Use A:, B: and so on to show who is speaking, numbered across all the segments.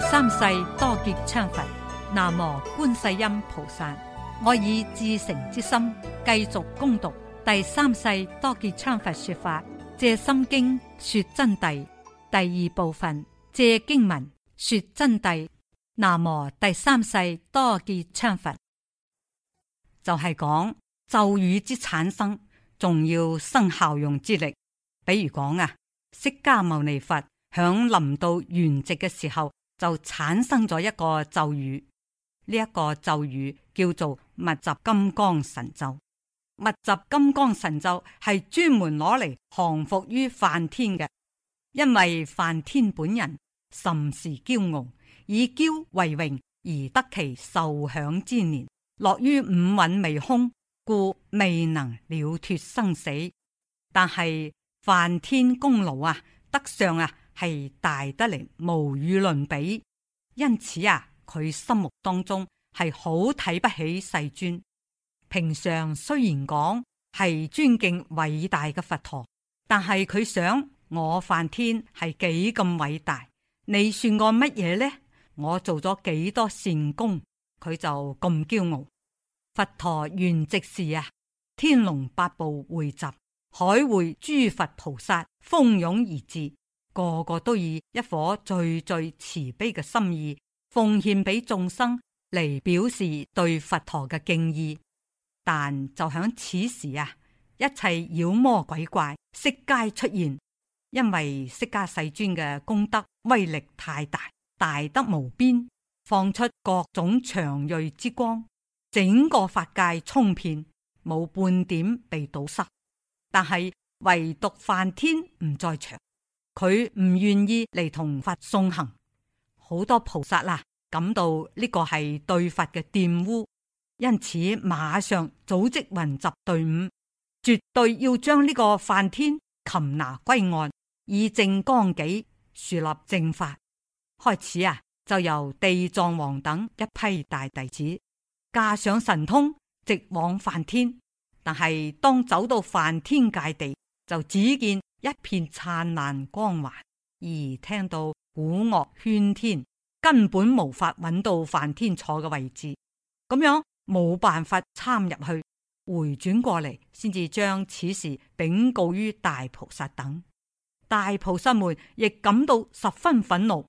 A: 第三世多杰羌佛，南無觀世音菩薩。我以至誠之心繼續恭讀第三世多杰羌佛說法，借心經說真諦第二部分，借經文說真諦。南無第三世多杰羌佛，就係、是、講咒語之產生，仲要生效用之力。比如講啊，釋迦牟尼佛響臨到圓寂嘅時候。就產生咗一個咒語，呢、這、一個咒語叫做密集金剛神咒。密集金剛神咒係專門攞嚟降伏於梵天嘅，因為梵天本人甚是驕傲，以驕為榮而得其壽享之年，落於五蘊未空，故未能了脱生死。但係梵天功勞啊，德相啊！係大得嚟，無與倫比，因此啊，佢心目當中係好睇不起世尊。平常雖然講係尊敬偉大嘅佛陀，但係佢想，我梵天係幾咁偉大，你算個乜嘢呢？我做咗幾多善功，佢就咁驕傲。佛陀圓寂時啊，天龍八部匯集，海會諸佛菩薩蜂擁而至。個個都以一顆最最慈悲嘅心意奉獻俾眾生嚟，表示對佛陀嘅敬意，但就響此時啊，一切妖魔鬼怪悉皆出現，因為釋迦世尊嘅功德威力太大，大得無邊，放出各種祥瑞之光，整個法界充遍，冇半點被堵塞，但係唯獨梵天唔在場。佢唔願意嚟同佛送行，好多菩薩啦、啊、感到呢個係對佛嘅玷污，因此馬上組織雲集隊伍，絕對要將呢個梵天擒拿歸案，以正綱紀，樹立正法。開始啊，就由地藏王等一批大弟子架上神通，直往梵天。但係當走到梵天界地，就只見。一片燦爛光環，而聽到鼓樂喧天，根本無法揾到梵天坐嘅位置，咁樣冇辦法參入去，回轉過嚟，先至將此事禀告於大菩薩等。大菩薩們亦感到十分憤怒，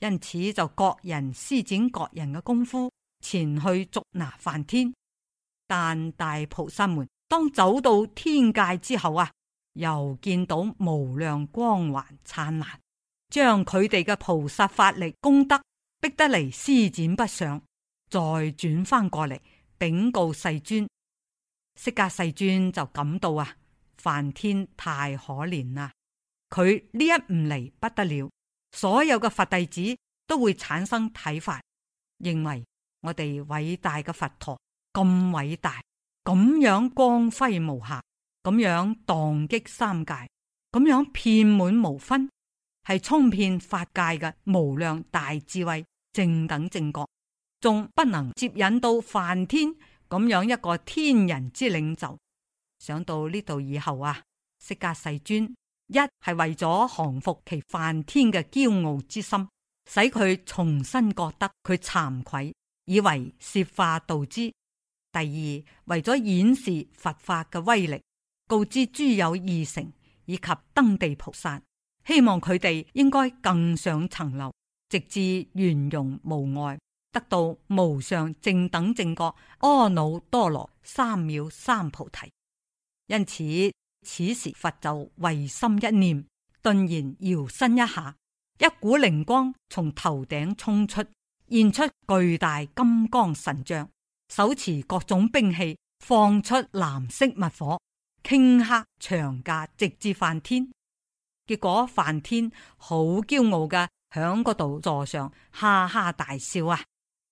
A: 因此就各人施展各人嘅功夫，前去捉拿梵天。但大菩薩們當走到天界之後啊。又見到無量光環燦爛，將佢哋嘅菩薩法力功德逼得嚟施展不上，再轉翻過嚟稟告世尊，釋迦世尊就感到啊，梵天太可憐啦，佢呢一唔嚟不得了，所有嘅佛弟子都會產生睇法，認為我哋偉大嘅佛陀咁偉大，咁樣光輝無瑕。咁樣蕩擊三界，咁樣遍滿無分，係充遍法界嘅無量大智慧正等正覺，仲不能接引到梵天咁樣一個天人之領袖。想到呢度以後啊，釋迦世尊一係為咗降服其梵天嘅驕傲之心，使佢重新覺得佢慚愧，以為攝化道之；第二為咗演示佛法嘅威力。告知諸有二乘以及登地菩薩，希望佢哋應該更上層樓，直至圓融無礙，得到無上正等正覺阿耨多羅三藐三菩提。因此，此時佛就唯心一念，頓然搖身一下，一股靈光從頭頂衝出，現出巨大金剛神像，手持各種兵器，放出藍色物火。頃刻長假，直至梵天。結果梵天好驕傲嘅，響個度坐上，哈哈大笑啊！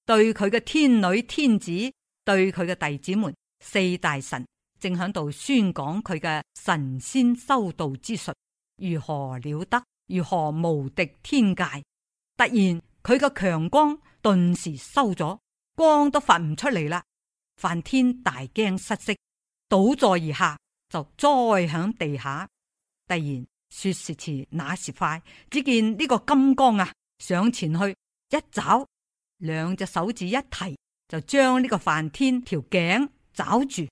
A: 對佢嘅天女天子，對佢嘅弟子們，四大神正響度宣講佢嘅神仙修道之術，如何了得，如何無敵天界。突然佢嘅強光頓時收咗，光都發唔出嚟啦。梵天大驚失色，倒坐而下。就栽響地下，突然說時遲，那時快，只見呢個金剛啊上前去一抓，兩隻手指一提，就將呢個梵天條頸抓住，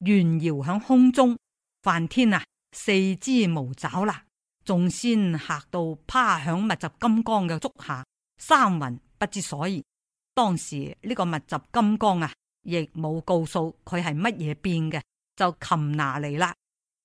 A: 懸搖響空中。梵天啊，四肢無爪啦，眾仙吓到趴響密集金剛嘅足下，三魂不知所以。當時呢個密集金剛啊，亦冇告訴佢係乜嘢變嘅。就擒拿嚟啦！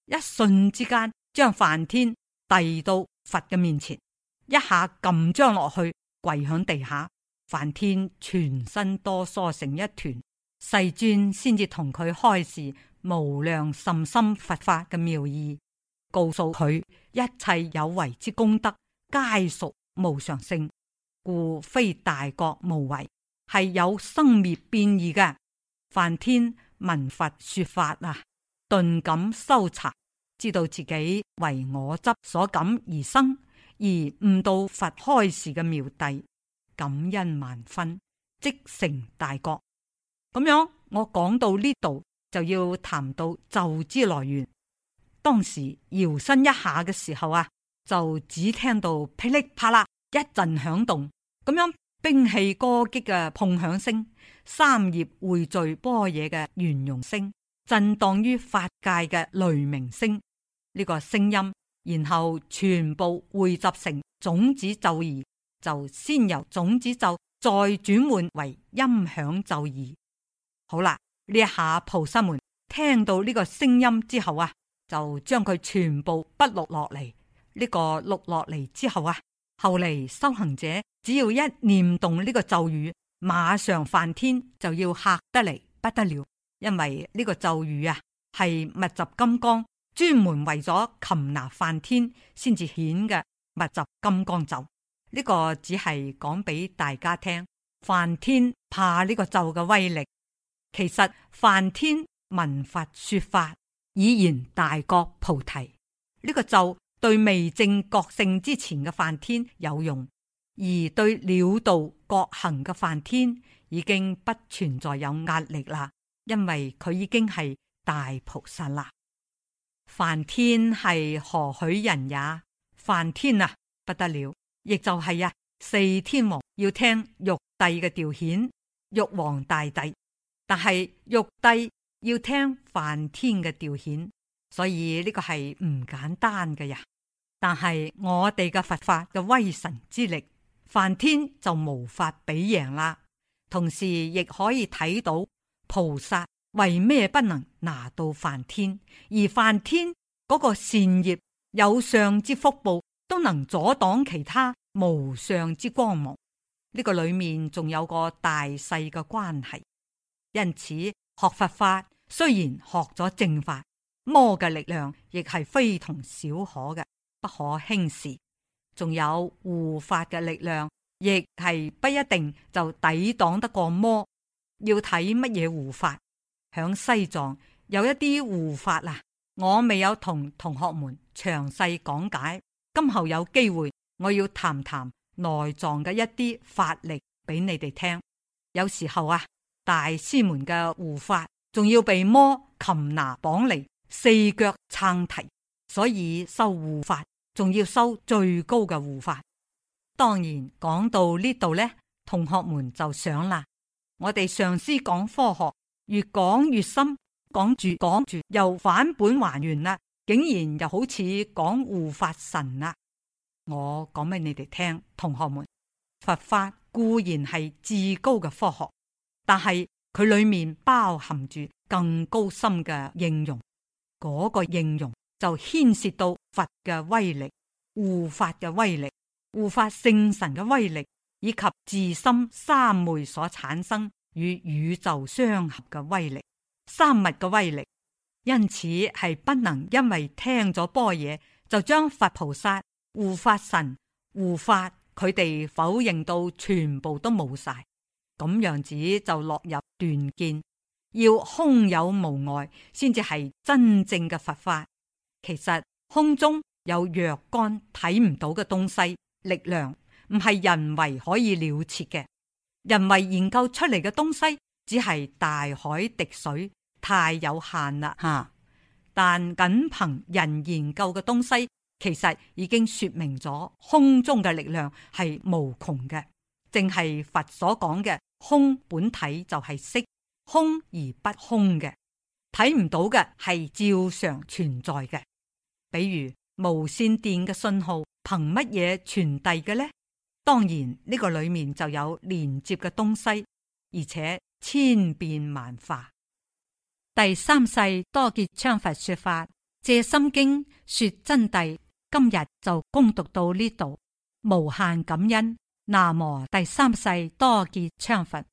A: 一瞬之間，將梵天遞到佛嘅面前，一下撳將落去跪響地下。梵天全身哆嗦成一團，世尊先至同佢開示無量甚深佛法嘅妙意，告訴佢一切有為之功德皆屬無常性，故非大覺無為，係有生滅變異嘅梵天。聞佛說法啊，頓感修查，知道自己為我執所感而生，而悟到佛開示嘅妙諦，感恩萬分，即成大覺。咁樣，我講到呢度就要談到咒之來源。當時搖身一下嘅時候啊，就只聽到噼里啪啦一陣響動，咁樣兵器歌擊嘅碰響聲。三葉匯聚般若嘅圓融聲，震盪於法界嘅雷鳴聲，呢個聲音，然後全部匯集成種子咒語，就先由種子咒再轉換為音響咒語。好啦，呢一下菩薩們聽到呢個聲音之後啊，就將佢全部筆錄落嚟。呢個錄落嚟之後啊，後嚟修行者只要一念動呢個咒語。馬上梵天就要嚇得嚟，不得了，因為呢個咒語啊係密集金剛專門為咗擒拿梵天先至顯嘅密集金剛咒。呢個只係講俾大家聽，梵天怕呢個咒嘅威力。其實梵天文法說法，已然大覺菩提。呢個咒對未正覺性之前嘅梵天有用。而對了道各行嘅梵天已經不存在有壓力啦，因為佢已經係大菩薩啦。梵天係何許人也？梵天啊，不得了，亦就係啊四天王要聽玉帝嘅調遣，玉皇大帝，但係玉帝要聽梵天嘅調遣，所以呢個係唔簡單嘅呀。但係我哋嘅佛法嘅威神之力。梵天就無法比贏啦，同時亦可以睇到菩薩為咩不能拿到梵天，而梵天嗰個善業有上之福報，都能阻擋其他無上之光芒。呢個裏面仲有個大細嘅關係，因此學佛法雖然學咗正法，魔嘅力量亦係非同小可嘅，不可輕視。仲有護法嘅力量，亦係不一定就抵擋得過魔，要睇乜嘢護法。響西藏有一啲護法啊，我未有同同學們詳細講解，今後有機會我要談談內藏嘅一啲法力俾你哋聽。有時候啊，大師們嘅護法仲要被魔擒拿綁嚟，四腳撐蹄，所以修護法。仲要收最高嘅護法，當然講到呢度呢，同學們就想啦，我哋上司講科學，越講越深，講住講住又返本還原啦，竟然又好似講護法神啦。我講俾你哋聽，同學們，佛法固然係至高嘅科學，但係佢裏面包含住更高深嘅應用，嗰個應用。就牽涉到佛嘅威力、護法嘅威力、護法聖神嘅威力，以及自心三昧所產生與宇宙相合嘅威力、三密嘅威力。因此係不能因為聽咗般若，就將佛菩薩、護法神、護法佢哋否認到全部都冇晒，咁樣子就落入斷見。要空有無礙，先至係真正嘅佛法。其實空中有若干睇唔到嘅東西，力量唔係人為可以了徹嘅。人為研究出嚟嘅東西，只係大海滴水，太有限啦吓、啊。但僅憑人研究嘅東西，其實已經說明咗空中嘅力量係無窮嘅。正係佛所講嘅空本體就係色空而不空嘅，睇唔到嘅係照常存在嘅。比如無線電嘅信號憑乜嘢傳遞嘅呢？當然呢個裏面就有連接嘅東西，而且千變萬化。第三世多杰羌佛說法，借心經說真諦。今日就恭誦到呢度，無限感恩。那麼第三世多杰羌佛。